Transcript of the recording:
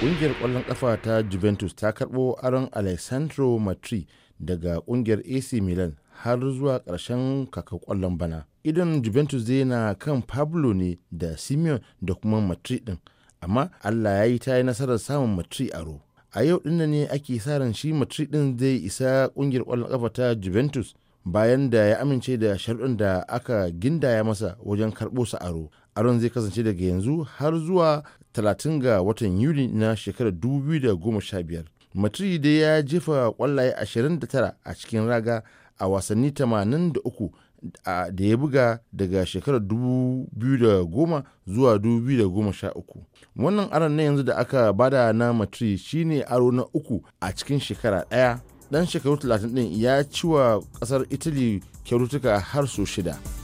Ƙungiyar ƙwallon ƙafa ta Juventus ta karɓo aron Alessandro Matri daga ƙungiyar AC Milan har zuwa ƙarshen kaka ƙwallon bana. Idan Juventus zai na kan Pablo ne da Simeon da kuma Matri ɗin, amma Allah ya yi ta yi nasarar samun Matri aro. A yau ɗin ne ake sa ran shi Matri ɗin zai isa ƙungiyar ƙwallon ƙafa ta Juventus. bayan da ya amince da sharɗin da aka gindaya masa wajen karɓo sa aro aron zai kasance daga yanzu har zuwa 30 ga watan yuli na shekarar 2015 matri dai ya jefa kwallaye 29 a cikin raga a wasanni 83 da ya buga daga shekarar 2010 zuwa 2013 wannan aron na yanzu da aka bada na matri shine aro na uku a cikin shekara ɗaya dan shekaru 30 din ya ciwa kasar italy kyaututtuka har su shida